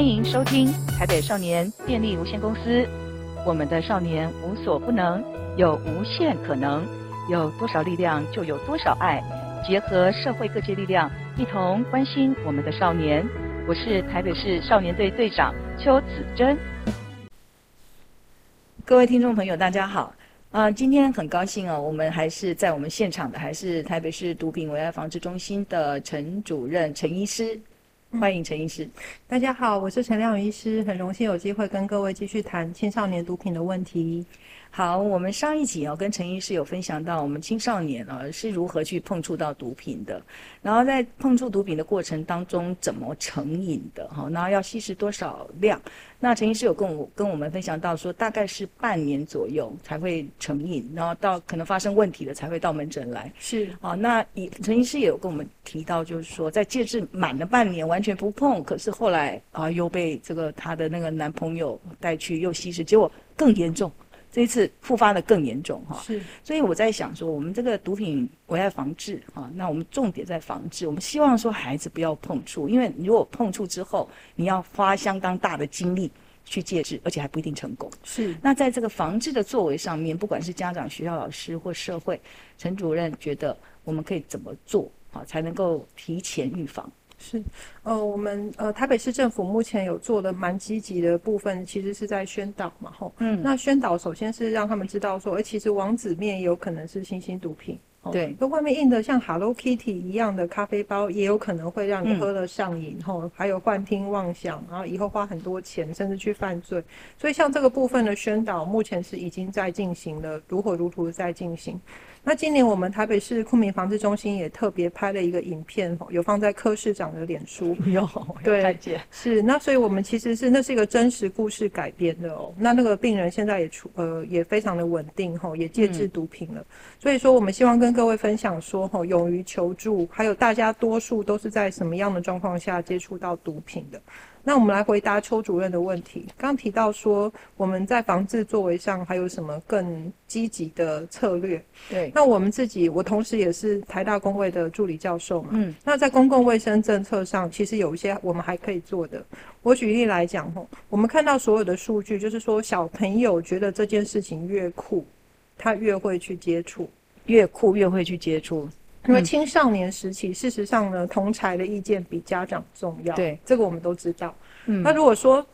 歡迎收聽台北少年電力無限公司，我們的少年無所不能，有無限可能，有多少力量就有多少愛，結合社會各界力量，一同關心我們的少年。我是台北市少年隊隊長邱子珍。各位聽眾朋友，大家好。啊、呃，今天很高興哦，我們還是在我們現場的，還是台北市毒品危害防治中心的陳主任陳醫師。歡迎陳醫師。嗯，大家好，我是陳亮妤醫師，很榮幸有機會跟各位繼續談青少年毒品的問題。好，我們上一集哦，啊，跟陳醫師有分享到，我們青少年啊是如何去碰觸到毒品的，然後在碰觸毒品的過程當中怎麼成癮的，哈，然後要吸食多少量？那陳醫師有跟我跟我們分享到說，大概是半年左右才會成癮，然後到可能發生問題的才會到門診來。是，好，哦，那以陳醫師也有跟我們提到，就是說在戒治滿了半年完，完全不碰，可是後來啊又被這個她的那個男朋友帶去又吸食，結果更嚴重。這一次復發得更嚴重哈、啊。是。所以我在想說，我們這個毒品我要防治啊，那我們重點在防治，我們希望說孩子不要碰觸，因為如果碰觸之後，你要花相當大的精力去戒治，而且還不一定成功。是。那在這個防治的作為上面，不管是家長、學校、老師或社會，陳主任覺得我們可以怎麼做啊，才能夠提前預防？是，呃，我們呃台北市政府目前有做的蠻積極的部分，其實是在宣導嘛，吼。嗯。那宣導首先是讓他們知道說，哎、欸，其實王子麵也有可能是新興毒品。對。跟外面印的像 Hello Kitty 一樣的咖啡包，也有可能會讓你喝了上癮、嗯，吼，還有幻聽妄想，然後以後花很多錢，甚至去犯罪。所以像這個部分的宣導，目前是已經在進行了，如火如荼的在進行。那今年我們台北市毒品防治中心也特別拍了一個影片，有放在柯市長的臉書喲。 對， 是，那所以我們其實是，那是一個真實故事改編的哦。那那個病人現在也出呃也非常的穩定吼，也戒治毒品了。嗯。所以說我們希望跟各位分享說吼，勇於求助，還有大家多數都是在什麼樣的狀況下接觸到毒品的。那我們來回答邱主任的問題。剛剛提到說，我們在防治作為上還有什麼更積極的策略？對，那我們自己，我同時也是台大公衛的助理教授嘛。嗯，那在公共衛生政策上，其實有一些我們還可以做的。我舉例來講吼，我們看到所有的數據，就是說小朋友覺得這件事情越酷，他越會去接觸，越酷越會去接觸。因為青少年時期，嗯，事實上呢，同儕的意見比家長重要。對，這個我們都知道。嗯，那如果說，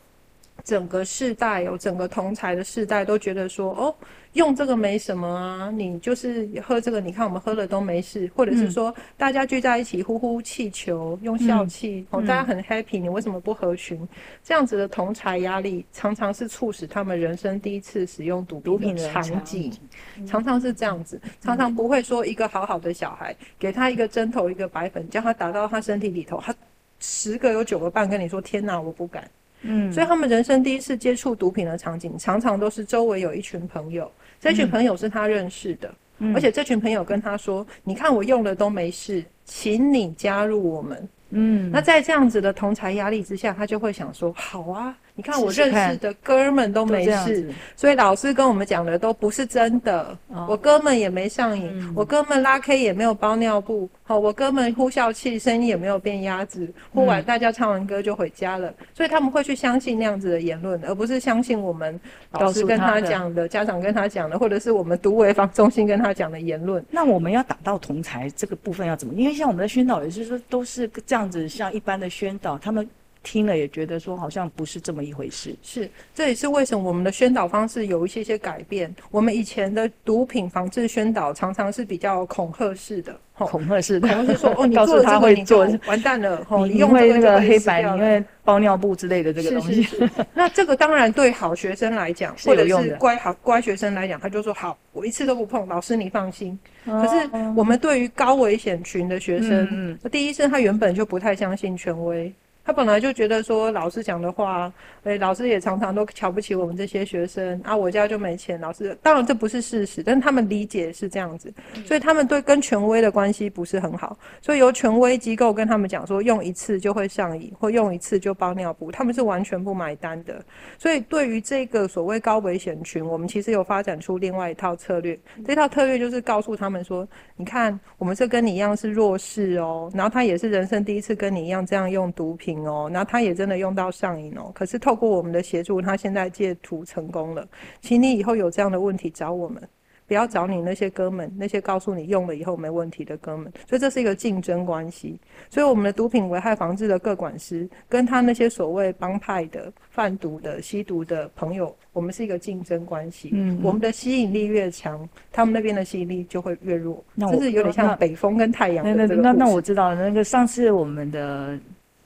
整個世代有整個同儕的世代都覺得說哦，用這個沒什麼啊，你就是喝這個，你看我們喝了都沒事，或者是說、嗯、大家聚在一起呼呼氣球，用笑氣，嗯哦、大家很 happy，、嗯、你為什麼不合群？這樣子的同儕壓力常常是促使他們人生第一次使用毒品的場景，場景嗯、常常是這樣子，常常不會說一個好好的小孩給他一個針頭一個白粉，將他打到他身體裡頭，他十個有九個半跟你說天吶，我不敢。嗯、所以他們人生第一次接觸毒品的場景，常常都是周圍有一群朋友，這一群朋友是他認識的、嗯，而且這群朋友跟他說：“嗯、你看我用了都沒事，請你加入我們。”嗯，那在這樣子的同儕壓力之下，他就會想說：“好啊。”你看我認識的哥們都沒事，試試。所以老師跟我們講的都不是真的。哦、我哥們也沒上癮、嗯，我哥們拉 K 也沒有包尿布。好、嗯，我哥們呼笑氣，聲音也沒有變鴨子，呼完大家唱完歌就回家了、嗯。所以他們會去相信那樣子的言論，而不是相信我們老師跟他講的，的、家長跟他講的，或者是我們毒危防中心跟他講的言論。那我們要打到同儕這個部分要怎麼？因為像我們的宣導也就是說都是這樣子，像一般的宣導他們。聽了也覺得說好像不是這麼一回事，是這也是為什麼我們的宣導方式有一些些改變。我們以前的毒品防治宣導常常，常是比較恐嚇式的，恐嚇式的，然後是說哦，你做、這個、告訴他會做，完蛋了，哦、你用、這個、那個黑白，你會包尿布之類的這個東西。是是是 那這個當然對好學生來講，或者是乖好乖學生來講，他就說好，我一次都不碰，老師你放心。哦、可是我們對於高危險群的學生，嗯、第一次他原本就不太相信權威。他本來就覺得說老師講的話，誒、欸，老師也常常都瞧不起我們這些學生啊。我家就沒錢，老師當然這不是事實，但他們理解是這樣子，所以他們對跟權威的關係不是很好。所以由權威機構跟他們講說，用一次就會上癮，或用一次就包尿布，他們是完全不買單的。所以對於這個所謂高危險群，我們其實有發展出另外一套策略。這套策略就是告訴他們說，你看，我們這跟你一樣是弱勢哦、喔，然後他也是人生第一次跟你一樣這樣用毒品。哦，那他也真的用到上癮哦。可是透過我們的協助，他現在戒毒成功了。請你以後有這樣的問題找我們，不要找你那些哥們，那些告訴你用了以後沒問題的哥們。所以這是一個競爭關係。所以我們的毒品危害防治的個管師，跟他那些所謂幫派的販毒的、吸毒的朋友，我們是一個競爭關係。嗯，我們的吸引力越強，他們那邊的吸引力就會越弱。就是有點像北風跟太陽的這個。那那那，那我知道那個上次我們的。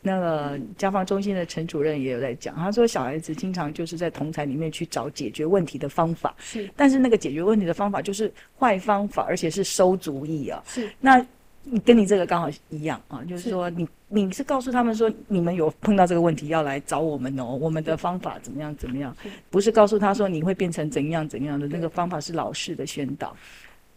那個家訪中心的陳主任也有在講，他說小孩子經常就是在同儕裡面去找解決問題的方法，是，但是那個解決問題的方法就是壞方法，而且是餿主意啊，是。那跟你這個剛好一樣啊，就是說你是你是告訴他們說你們有碰到這個問題要來找我們哦，我們的方法怎麼樣怎麼樣，不是告訴他說你會變成怎樣怎樣的那個方法是老式的宣導，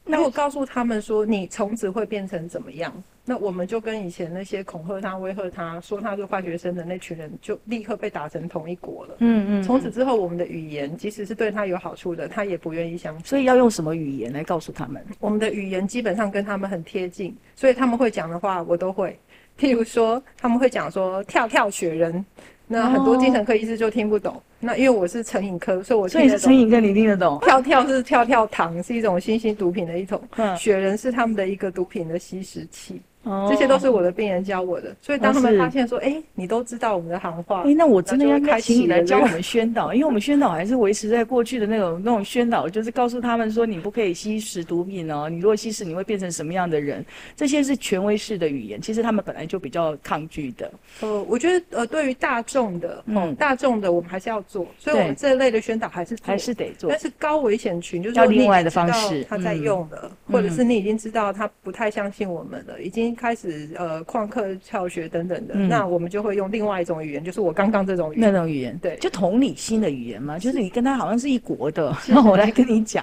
那我告訴他們說你從此會變成怎麼樣？那我們就跟以前那些恐嚇他，他、威嚇他說他是壞學生的那群人，就立刻被打成同一國了。嗯嗯，嗯。從此之後，我們的語言即使是對他有好處的，他也不願意相信。所以要用什麼語言來告訴他們？我們的語言基本上跟他們很貼近，所以他們會講的話我都會。譬如說，他們會講說跳跳雪人，那很多精神科醫師就聽不懂。哦、那因為我是成癮科，所以我所以是成癮科，你聽得懂？跳跳是跳跳糖，是一種新型毒品的一種。嗯。雪人是他們的一個毒品的吸食器。這些都是我的病人教我的，所以當他們發現說：“哎、哦欸，你都知道我們的行話。欸”哎，那我真的要開請你來教我們宣導， 因為我們宣導還是維持在過去的那種那種宣導，就是告訴他們說：“你不可以吸食毒品哦，你如果吸食，你會變成什麼樣的人？”這些是權威式的語言，其實他們本來就比較抗拒的。呃，我覺得呃，對於大眾的，嗯，嗯大眾的，我們還是要做，所以我們這類的宣導還是做還是得做，但是高危險群就是另外的方式，就是、你已經知道他在用的，嗯，或者是你已經知道他不太相信我們了，嗯、已經。開始呃曠課翹學等等的，嗯，那我們就會用另外一種語言，就是我剛剛這種語言那種語言，對，就同理心的語言嘛，就是你跟他好像是一國的，那 我來跟你講，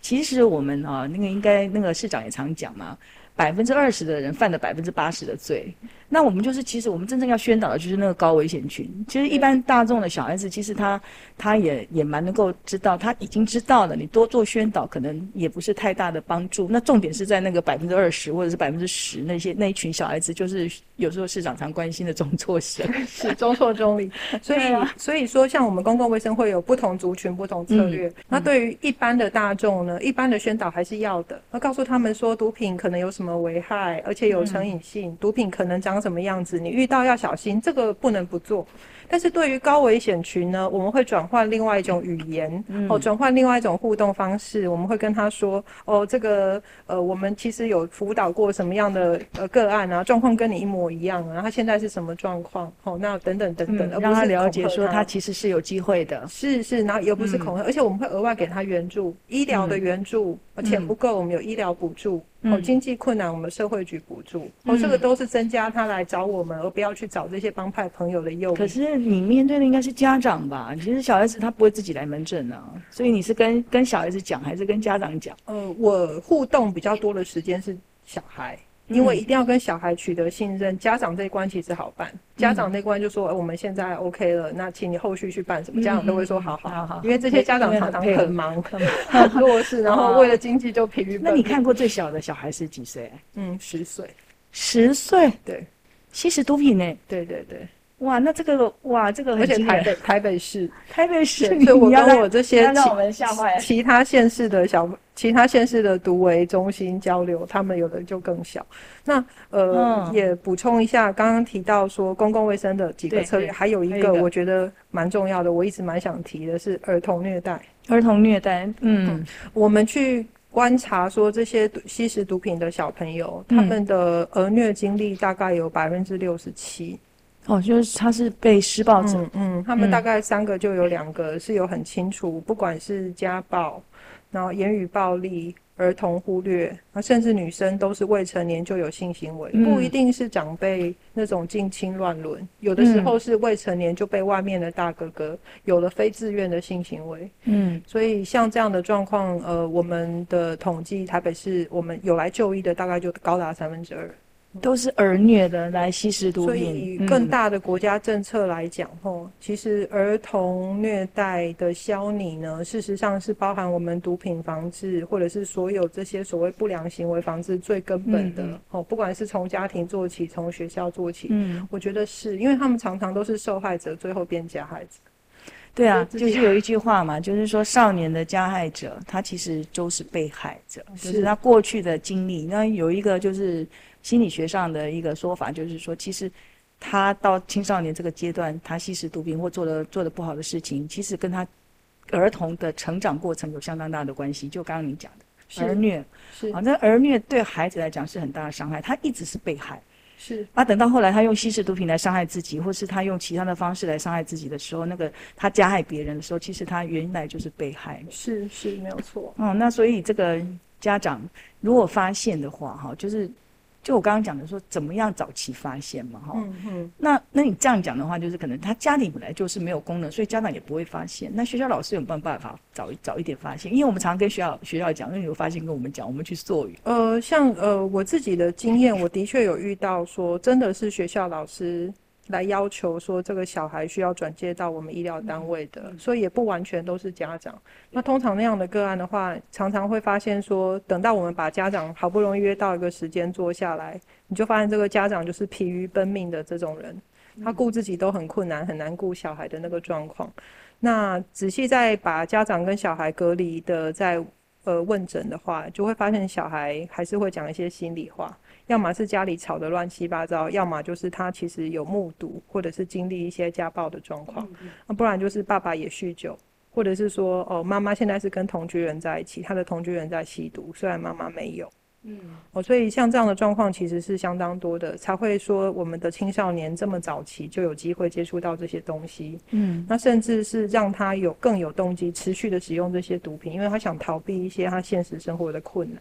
其實我們啊，那個應該那個市長也常講嘛。百分之二十的人犯了百分之八十的罪，那我們就是其實我們真正要宣導的，就是那個高危險群。其實一般大眾的小孩子，其實他他也也蠻能夠知道，他已經知道了。你多做宣導，可能也不是太大的幫助。那重點是在那個百分之二十或者是百分之十那些那一群小孩子，就是有時候市長常關心的種 中輟生，是中輟中離。所以、啊、所以說，像我們公共衛生會有不同族群不同策略、嗯。那對於一般的大眾呢，一般的宣導還是要的，那、嗯、告訴他們說毒品可能有什麼。什麼危害？而且有成癮性、嗯，毒品可能長什麼樣子？你遇到要小心，這個不能不做。但是對於高危險群呢，我們會轉換另外一種語言，嗯、哦，轉換另外一種互動方式。我們會跟他說：“哦，這個呃，我們其實有輔導過什麼樣的呃個案啊？狀況跟你一模一樣，啊。他現在是什麼狀況？哦，那等等等等，嗯、而不是他讓他了解說他其實是有機會的。是是，然後又不是恐嚇、嗯，而且我們會額外給他援助，醫療的援助，錢、嗯、不夠、嗯，我們有醫療補助。”哦，經濟困難、嗯，我們社會局補助，哦，這個都是增加他來找我們，嗯、而不要去找這些幫派朋友的誘惑。可是你面對的應該是家長吧？其實小孩子他不會自己來門診啊，所以你是跟跟小孩子講，還是跟家長講？呃，我互動比較多的時間是小孩。因為一定要跟小孩取得信任，家長這一關其實好辦。嗯、家長那關就說、呃：“我們現在 OK 了，那請你後續去辦什麼？”嗯、家長都會說：“嗯、好好好。”因為這些家長常常常很忙，很很弱勢，然後為了經濟就疲於奔命。那你看過最小的小孩是幾歲、欸？嗯，十歲。十歲？對，吸食毒品呢。對對對，對。哇，那這個哇，這個很，而且台北台北市，台北市，所 以，就是，我跟我這些我、欸、其他縣市的小其他縣市的毒危中心交流，他們有的就更小。那呃，哦、也補充一下，剛剛提到說公共衛生的幾個策略，對對對，還有一個，有一個我覺得蠻重要的，我一直蠻想提的是兒童虐待。兒童虐待，嗯，嗯，我們去觀察說這些吸食毒品的小朋友，嗯、他們的兒虐經歷大概有百分之六十七。哦，就是他是被施暴者。嗯，嗯，他們大概三個就有兩個、嗯、是有很清楚，不管是家暴，然後言語暴力、兒童忽略，啊，甚至女生都是未成年就有性行為，嗯、不一定是長輩那種近親亂倫，有的時候是未成年就被外面的大哥哥有了非自願的性行為。嗯，所以像這樣的狀況，呃，我們的統計台北市，我們有來就醫的大概就高達三分之二。都是兒虐的來吸食毒品。所以以，更大的國家政策來講，哦、嗯，其實兒童虐待的消弭呢，事實上是包含我們毒品防治，或者是所有這些所謂不良行為防治最根本的、嗯、哦。不管是從家庭做起，從學校做起，嗯，我覺得是，因為他們常常都是受害者，最後變加害者。對啊，就是、就是、有一句話嘛，就是說少年的加害者，他其實就是被害者，是就是他過去的經歷。那有一個就是。心理學上的一個說法就是說，其實他到青少年這個階段，他吸食毒品或做了做的不好的事情，其實跟他兒童的成長過程有相當大的關係。就剛剛你講的是，是兒虐，是反正兒虐對孩子來講是很大的傷害。他一直是被害，是。啊，等到後來他用吸食毒品來傷害自己，或是他用其他的方式來傷害自己的時候，那個他加害別人的時候，其實他原來就是被害。是是，沒有錯。哦，那所以這個家長如果發現的話，哈、哦，就是。就我剛剛講的說，怎麼樣早期發現嘛，哈、嗯。嗯，那那你這樣講的話，就是可能他家裡本來就是沒有功能，所以家長也不會發現。那學校老師有沒有辦法早一，早一點發現？因為我們常常跟學校學校講，因為有發現跟我們講，我們去做。呃，像呃我自己的經驗，我的確有遇到說，真的是學校老師。來要求說這個小孩需要轉接到我們醫療單位的、嗯，所以也不完全都是家長。那通常那樣的個案的話，常常會發現說，等到我們把家長好不容易約到一個時間坐下來，你就發現這個家長就是疲於奔命的這種人，他顧自己都很困難，很難顧小孩的那個狀況。那仔細再把家長跟小孩隔離的在呃問診的話，就會發現小孩還是會講一些心裡話。要麼是家裡吵得亂七八糟，要麼就是他其實有目睹或者是經歷一些家暴的狀況，那，嗯嗯，啊不然就是爸爸也酗酒，或者是說哦媽媽現在是跟同居人在一起，他的同居人在吸毒，雖然媽媽沒有，嗯，哦所以像這樣的狀況其實是相當多的，才會說我們的青少年這麼早期就有機會接觸到這些東西，嗯，那甚至是讓他有更有動機持續的使用這些毒品，因為他想逃避一些他現實生活的困難。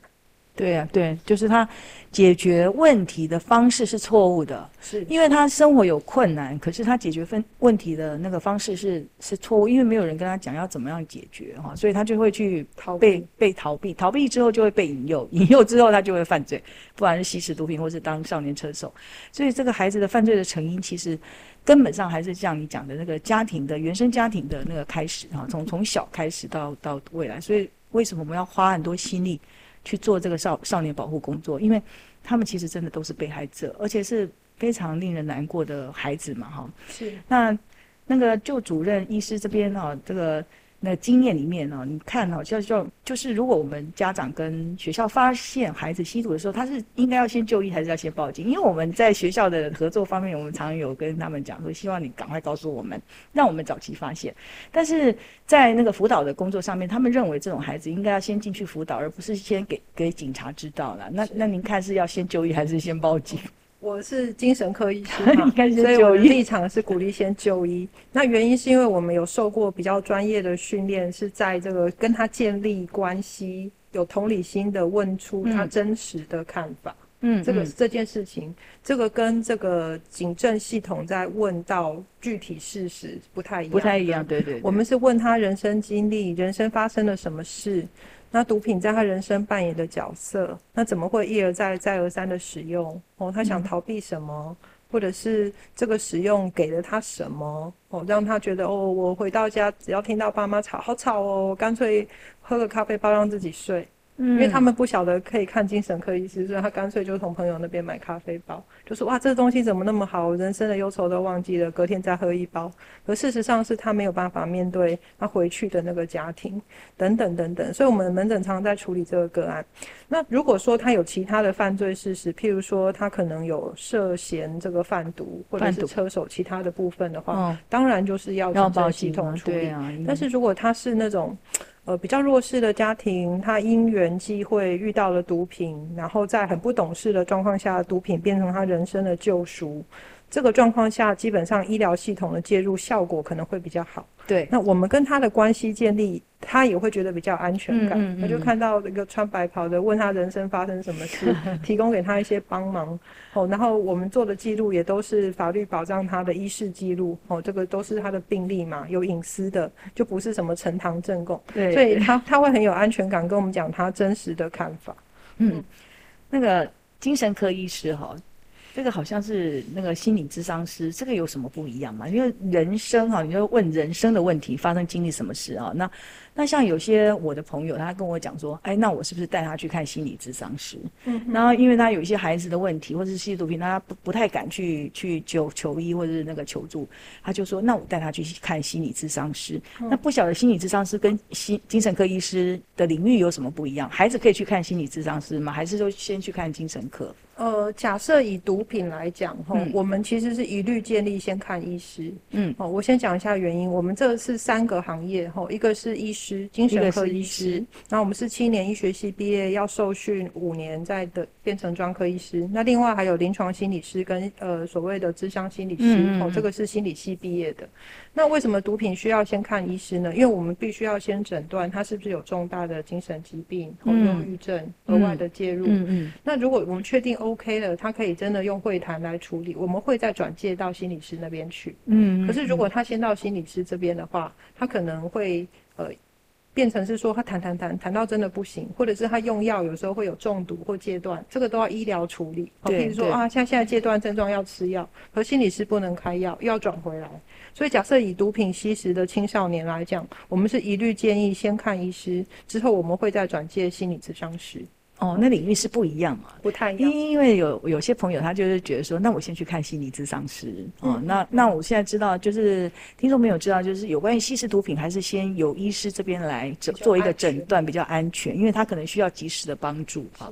對呀、啊，對，就是他解決問題的方式是錯誤的，是的，因為他生活有困難，可是他解決分問題的那個方式是是錯誤，因為沒有人跟他講要怎麼樣解決哈、啊，所以他就會去逃避，被被逃避，逃避之後就會被引誘，引誘之後他就會犯罪，不管是吸食毒品或是當少年車手，所以這個孩子的犯罪的成因其實根本上還是像你講的那個家庭的原生家庭的那個開始啊，從從小開始到到未來，所以為什麼我們要花很多心力？去做這個少少年保護工作，因為他們其實真的都是被害者，而且是非常令人難過的孩子嘛，哈。是。那那個就主任醫師這邊啊，這個。那經驗裡面呢、哦，你看好，哦，像就就，就是，如果我們家長跟學校發現孩子吸毒的時候，他是應該要先就醫，還是要先報警？因為我們在學校的合作方面，我們常有跟他們講說，希望你趕快告訴我們，讓我們早期發現。但是在那個輔導的工作上面，他們認為這種孩子應該要先進去輔導，而不是先給給警察知道了。那那您看是要先就醫還是先報警？我是精神科醫師嘛， 所以我的立場是鼓勵先就醫。 那原因是因為我們有受過比較專業的訓練，是在這個跟他建立關係，有同理心的問出他真實的看法。嗯，這個、嗯、這件事情，這個跟這個警政系統在問到具體事實不太一樣，不太一樣。對對，對對，我們是問他人生經歷，人生發生了什麼事。那毒品在他人生扮演的角色，那怎麼會一而再、再而三的使用？哦，他想逃避什麼？嗯。或者是這個使用給了他什麼？哦，讓他覺得哦，我回到家只要聽到爸媽吵，好吵哦，乾脆喝個咖啡包讓自己睡。因為他們不曉得可以看精神科醫師，所以他乾脆就從朋友那邊買咖啡包，就說、是、哇，這個東西怎麼那麼好？人生的憂愁都忘記了，隔天再喝一包。而事實上是他沒有辦法面對他回去的那個家庭，等等等等。所以我們門診常常在處理這個個案。那如果說他有其他的犯罪事實，譬如說他可能有涉嫌這個販毒或者是車手其他的部分的話，當然就是要要報系統處理、啊。但是如果他是那種。呃，比較弱勢的家庭，他因緣際會遇到了毒品，然後在很不懂事的狀況下，毒品變成他人生的救贖。這個狀況下，基本上醫療系統的介入效果可能會比較好。對，那我們跟他的關係建立，他也會覺得比較安全感。嗯，嗯他就看到那個穿白袍的問他人生發生什麼事， 提供給他一些幫忙。哦，然後我們做的記錄也都是法律保障他的醫事記錄。哦，這個都是他的病歷嘛，有隱私的，就不是什麼呈堂證供。對。所以他他會很有安全感，跟我們講他真實的看法。嗯，嗯那個精神科醫師哈。這個好像是那個心理諮商師，這個有什麼不一樣嘛？因為人生哈、啊，你就問人生的問題，發生經歷什麼事啊？那那像有些我的朋友，他跟我講說，哎，那我是不是帶他去看心理諮商師？嗯。然後因為他有一些孩子的問題，或者是吸毒品，他不不太敢去去求求醫或者是那個求助，他就說，那我帶他去看心理諮商師、嗯。那不曉得心理諮商師跟心精神科醫師的領域有什麼不一樣？孩子可以去看心理諮商師嗎？還是說先去看精神科？呃，假設以毒品來講，哈、嗯，我們其實是一律建立先看醫師。嗯，好，我先講一下原因。我們這是三個行業，哈，一個是醫師，精神科醫師。那我們是七年醫學系畢業，要受訓五年再的。在變成專科醫師，那另外還有臨床心理師跟呃所謂的諮商心理師哦、嗯嗯嗯，這個是心理系畢業的。那為什麼毒品需要先看醫師呢？因為我們必須要先診斷他是不是有重大的精神疾病、嗯、或憂鬱症，額外的介入、嗯。那如果我們確定 OK 了，他可以真的用會談來處理，我們會再轉介到心理師那邊去。嗯，嗯，嗯，可是如果他先到心理師這邊的話，他可能會呃。變成是說他談談談談到真的不行，或者是他用藥有時候會有中毒或戒斷，這個都要醫療處理。譬、啊、如說啊，像現在戒斷症狀要吃藥，和心理師不能開藥，又要轉回來。所以假設以毒品吸食的青少年來講，我們是一律建議先看醫師，之後我們會再轉介心理諮商師。哦，那領域是不一樣嘛，不太一樣。因因為有有些朋友他就是覺得說，那我先去看心理諮商師。哦，嗯、那那我現在知道，就是聽眾朋友知道，就是有關於吸食毒品，還是先由醫師這邊來做一個診斷比較安全，因為他可能需要及時的幫助哈。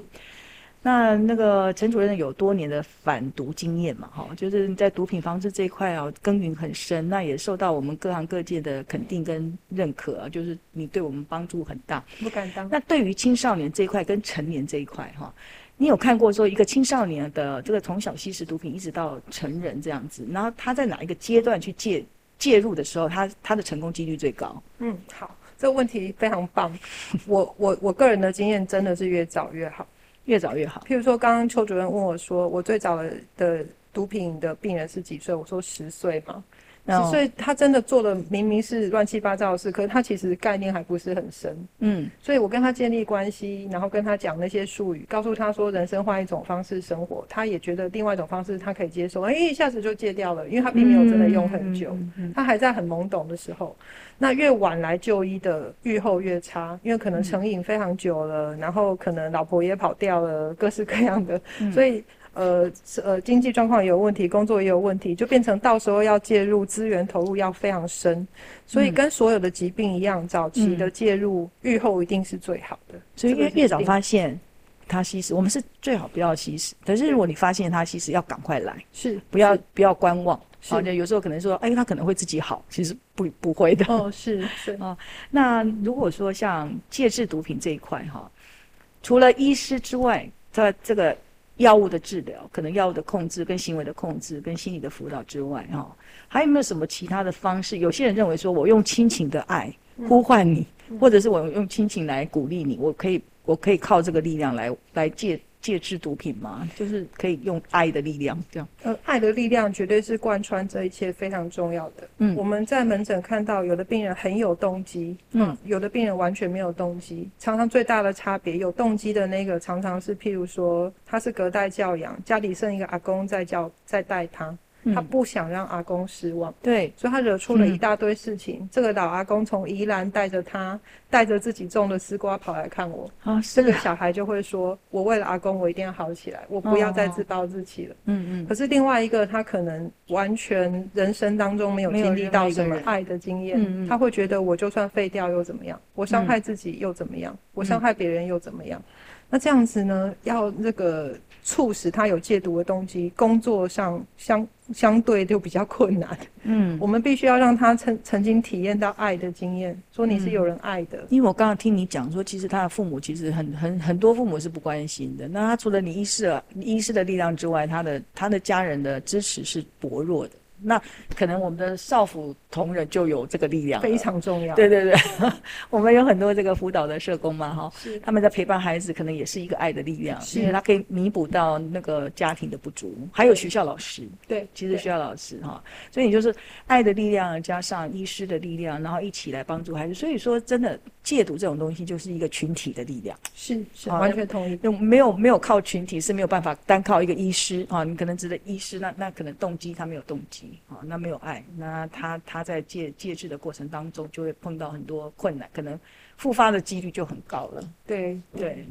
那那個陳主任有多年的反毒經驗嘛？哈，就是在毒品防治這一塊哦、啊，耕耘很深。那也受到我們各行各界的肯定跟認可，就是你對我們幫助很大。不敢當。那對於青少年這一塊跟成年這一塊哈，你有看過說一個青少年的這個從小吸食毒品一直到成人這樣子，然後他在哪一個階段去介介入的時候，他他的成功幾率最高？嗯，好，這個問題非常棒。 我我我個人的經驗真的是越早越好。越早越好。譬如說，剛剛邱主任問我說，我最早的毒品的病人是幾歲？我說十歲嘛。Oh. 所以他真的做的明明是亂七八糟的事，可是他其實概念還不是很深。嗯，所以我跟他建立關係，然後跟他講那些術語，告訴他說人生換一種方式生活，他也覺得另外一種方式他可以接受。哎，一下子就戒掉了，因為他並沒有真的用很久，嗯嗯嗯嗯、他還在很懵懂的時候。那越晚來就醫的，預後越差，因為可能成癮非常久了，嗯，然後可能老婆也跑掉了，各式各樣的，嗯，所以。呃呃，經濟狀況也有問題，工作也有問題，就變成到時候要介入，資源投入要非常深，所以跟所有的疾病一樣，早期的介入，預後一定是最好的。嗯這個、所以，因為越早發現，他吸食，我們是最好不要吸食。可是，如果你發現他吸食，要趕快來，是不要是不要觀望。好的、啊，有時候可能說，哎、欸，他可能會自己好，其實不不會的。哦，是是啊。那如果說像戒治毒品這一塊哈、啊，除了醫師之外，在這個。藥物的治療，可能藥物的控制跟行為的控制跟心理的輔導之外，哈，還有沒有什麼其他的方式？有些人認為說，我用親情的愛呼喚你，或者是我用親情來鼓勵你，我可以，我可以靠這個力量來來戒。戒治毒品嗎？就是可以用愛的力量這樣。呃，愛的力量絕對是貫穿這一切非常重要的。嗯，我們在門診看到有的病人很有動機，嗯，嗯，有的病人完全沒有動機。常常最大的差別，有動機的那個常常是，譬如說他是隔代教養，家裡剩一個阿公在教，在帶他。他不想讓阿公失望，對，所以他惹出了一大堆事情。嗯、這個老阿公從宜蘭帶着他，帶着自己種的絲瓜跑來看我。哦，是啊。這個小孩就會說：“我為了阿公，我一定要好起來，我不要再自暴自棄了。哦”嗯、哦、嗯。可是另外一個，他可能完全人生當中沒有經歷到什麼愛的經驗，他會覺得我就算廢掉又怎麼樣？嗯，我傷害自己又怎麼樣？嗯，我傷害別人又怎麼樣，嗯？那這樣子呢？要那個。促使他有戒毒的動機，工作上相相對就比較困難。嗯，我們必須要讓他曾曾經體驗到愛的經驗，說你是有人愛的。嗯，因為我剛剛聽你講說，其實他的父母其實很很很多父母是不關心的。那他除了你醫師啊，你醫師的力量之外，他的他的家人的支持是薄弱的。那可能我們的少輔同仁就有這個力量，非常重要。對對對、嗯， 我們有很多這個輔導的社工嘛，哈，他們在陪伴孩子，可能也是一個愛的力量，是因為他可以彌補到那個家庭的不足。還有學校老師，對，其實學校老師哈、哦，所以你就是愛的力量加上醫師的力量，然後一起來幫助孩子。所以說，真的戒毒這種東西就是一個群體的力量，是是完全同意。用、啊、沒有沒有靠群體是沒有辦法，單靠一個醫師啊，你可能只得醫師，那那可能動機他沒有動機。啊、哦，那沒有愛，那他他在戒戒治的過程當中，就會碰到很多困難，可能復發的幾率就很高了。對對，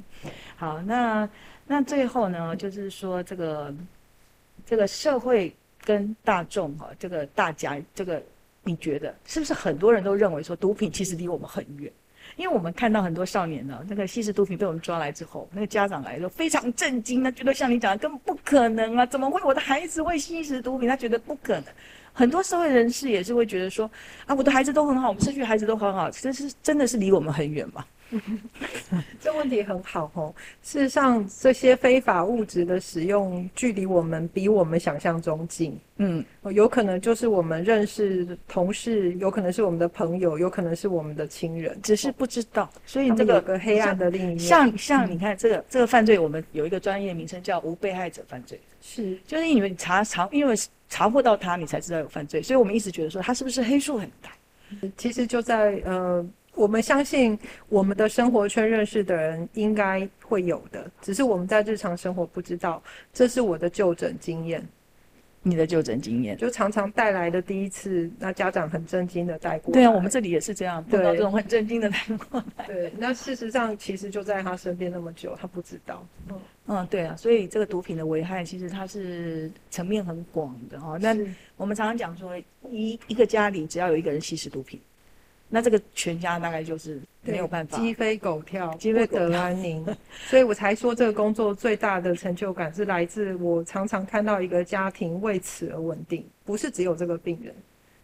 好，那那最後呢，就是說這個這個社會跟大眾哈、哦，這個大家，這個你覺得是不是很多人都認為說毒品其實離我們很遠？因為我們看到很多少年呢、啊，那個吸食毒品被我們抓來之後，那個家長來都非常震驚，他覺得像你講的根本不可能啊，怎麼會我的孩子會吸食毒品？他覺得不可能。很多社會人士也是會覺得說，啊，我的孩子都很好，我們社區孩子都很好，這是真的是離我們很遠嘛？ 這問題很好哦。事實上，這些非法物質的使用距離我們比我們想象中近。嗯、哦，有可能就是我們認識同事，有可能是我們的朋友，有可能是我們的親人，只是不知道。哦、所以，這個、個黑暗的另一面，像像你看，這個、嗯、這個犯罪，我們有一個專業名稱叫無被害者犯罪。是，就是因為你查查，因為查獲到他，你才知道有犯罪。所以我們一直覺得說，他是不是黑數很大？嗯、其實就在呃。我們相信，我們的生活圈認識的人應該會有的，只是我們在日常生活不知道。這是我的就診經驗，你的就診經驗就常常帶來的第一次，那家長很震驚的帶過。對啊，我們這裡也是這樣，對，有這種很震驚的帶過。對，那事實上其實就在他身邊那麼久，他不知道。嗯嗯，對啊，所以這個毒品的危害其實它是層面很廣的哦。那我們常常講說，一一個家裡只要有一個人吸食毒品。那這個全家大概就是沒有辦法，雞飛狗跳，不得安寧。 所以我才說，這個工作最大的成就感是來自我常常看到一個家庭為此而穩定，不是只有這個病人。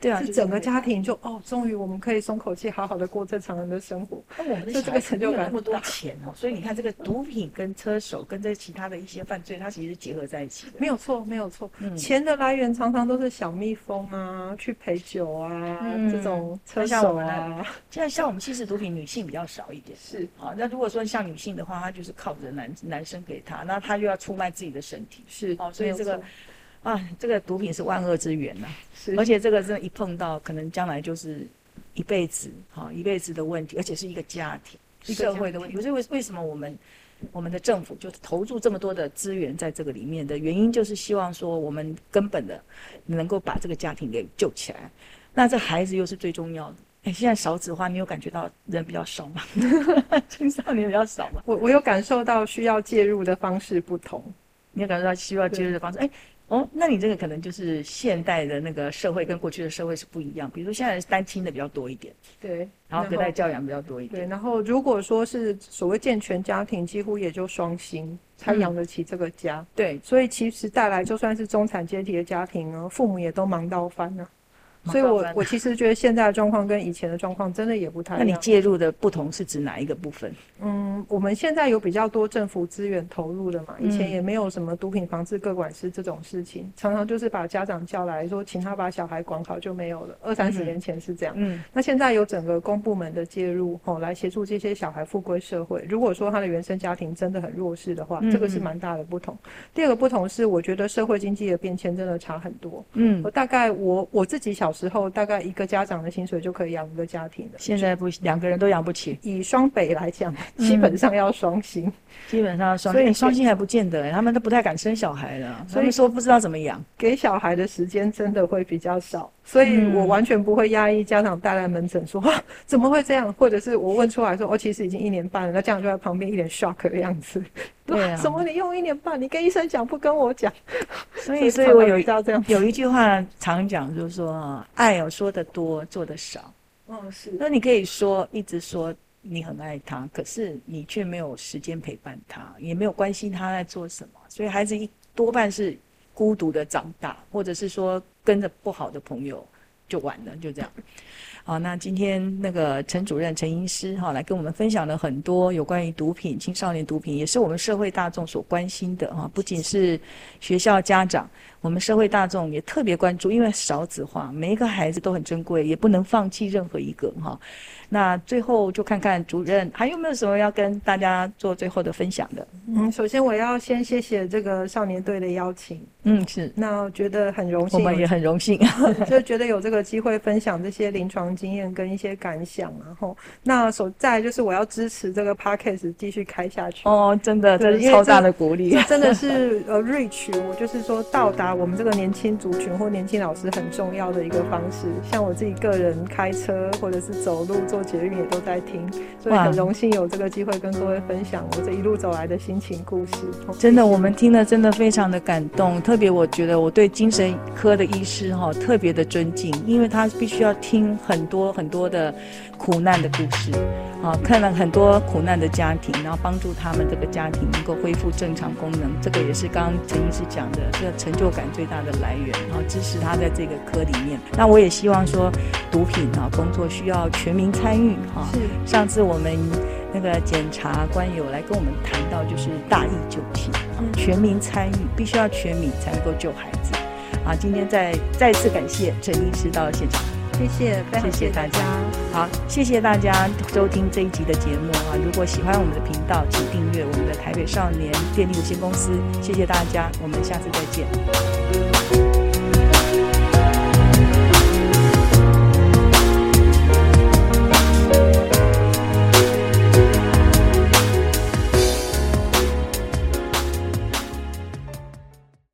對啊，整個家庭就哦，終於我們可以鬆口氣，好好的過正常人的生活。哦、那我們的這個成就感不多錢哦，所以你看這個毒品跟車手跟這其他的一些犯罪，它其實結合在一起的。沒有錯，沒有錯、嗯。錢的來源常常都是小蜜蜂啊，去陪酒啊，嗯、這種、啊、車手啊。現在像我們吸食毒品，女性比較少一點。是。啊、哦，那如果說像女性的話，她就是靠着男男生給她，那她就要出賣自己的身體。是。哦，所以這個。啊，這個毒品是萬惡之源吶，是，而且這個是一碰到可能將來就是一輩子，好一輩子的問題，而且是一個家庭，一個社會的問題。所以為為什麼我們我們的政府就投入這麼多的資源在這個裡面的原因，就是希望說我們根本的能夠把這個家庭給救起來。那這孩子又是最重要的。哎，欸，現在少子化，你有感覺到人比較少嗎？ 青少年比較少嗎？我我有感受到需要介入的方式不同，你有感受到需要介入的方式，哎。欸哦，那你這個可能就是現代的那個社會跟過去的社會是不一樣。比如說，現在單親的比較多一點，對，然後隔代教養比較多一點。對，然後如果說是所謂健全家庭，幾乎也就雙薪才養得起這個家，嗯。對，所以其實帶來就算是中產階級的家庭，呢，父母也都忙到翻了，啊。所以我，我我其實覺得現在的狀況跟以前的狀況真的也不太一樣。那你介入的不同是指哪一個部分？嗯，我們現在有比較多政府資源投入的嘛，以前也沒有什麼毒品防治個管師這種事情、嗯，常常就是把家長叫來說，請他把小孩管好就沒有了、嗯。二三十年前是這樣。嗯。那現在有整個公部門的介入哦，來協助這些小孩復歸社會。如果說他的原生家庭真的很弱勢的話、嗯，這個是蠻大的不同、嗯。第二個不同是，我覺得社會經濟的變遷真的差很多。嗯。我大概我我自己小時候大概一個家長的薪水就可以養一個家庭了。現在不兩個人都養不起。嗯、以雙北來講，基本上要雙薪、嗯，基本上雙，所以雙薪、欸、還不見得、欸，他們都不太敢生小孩了。所以說不知道怎麼養，給小孩的時間真的會比較少。所以我完全不會壓抑家長帶來門診說、嗯、哇，怎麼會這樣？或者是我問出來說，我、哦、其實已經一年半了，那家長就在旁邊一臉 shock 的樣子。對啊、怎麼你用一年半？你跟醫生講不跟我講？所以所以我有一道這樣， 有一句話常講，就是說啊。愛哦，說得多，做得少。哦，是。那你可以說，一直說你很愛他，可是你卻沒有時間陪伴他，也沒有關心他在做什麼。所以孩子一多半是孤獨的長大，或者是說跟着不好的朋友就完了，就這樣。好，那今天那個陳主任、陳醫師哈、哦，來跟我們分享了很多有關於毒品、青少年毒品，也是我們社會大眾所關心的哈、哦，不僅是學校家長。我們社會大眾也特別關注，因為少子化，每一個孩子都很珍貴，也不能放棄任何一個哈。那最後就看看主任還有沒有什麼要跟大家做最後的分享的。嗯，首先我要先謝謝這個少年隊的邀請。嗯，是。那我覺得很榮幸，我們也很榮幸，就覺得有這個機會分享這些臨床經驗跟一些感想， 然後那所再就是我要支持這個 Podcast 繼續開下去。哦，真的，這是超大的鼓勵， 真的是呃 reach，我就是說到達。我們這個年輕族群或年輕老師很重要的一個方式，像我自己個人開車或者是走路坐捷運也都在聽，所以很榮幸有這個機會跟各位分享我這一路走來的心情故事。Okay, 真的，我們聽了真的非常的感動，特別我覺得我對精神科的醫師哈、哦、特別的尊敬，因為他必須要聽很多很多的。苦難的故事，啊，看了很多苦難的家庭，然後幫助他們這個家庭能夠恢復正常功能，這個也是剛剛陳醫師講的，這個成就感最大的來源，然、啊、後支持他在這個科裡面。那我也希望說，毒品啊，工作需要全民參與哈、啊。上次我們那個檢察官有來跟我們談到，就是大義救親啊，全民參與，必須要全民才能夠救孩子。啊，今天再再次感謝陳醫師到現場。謝謝，謝謝，謝謝大家。好，謝謝大家收聽這一集的節目啊！如果喜歡我們的頻道，請訂閱我們的台北少年電力無限公司。謝謝大家，我們下次再見。